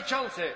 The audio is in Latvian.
przewodniczący!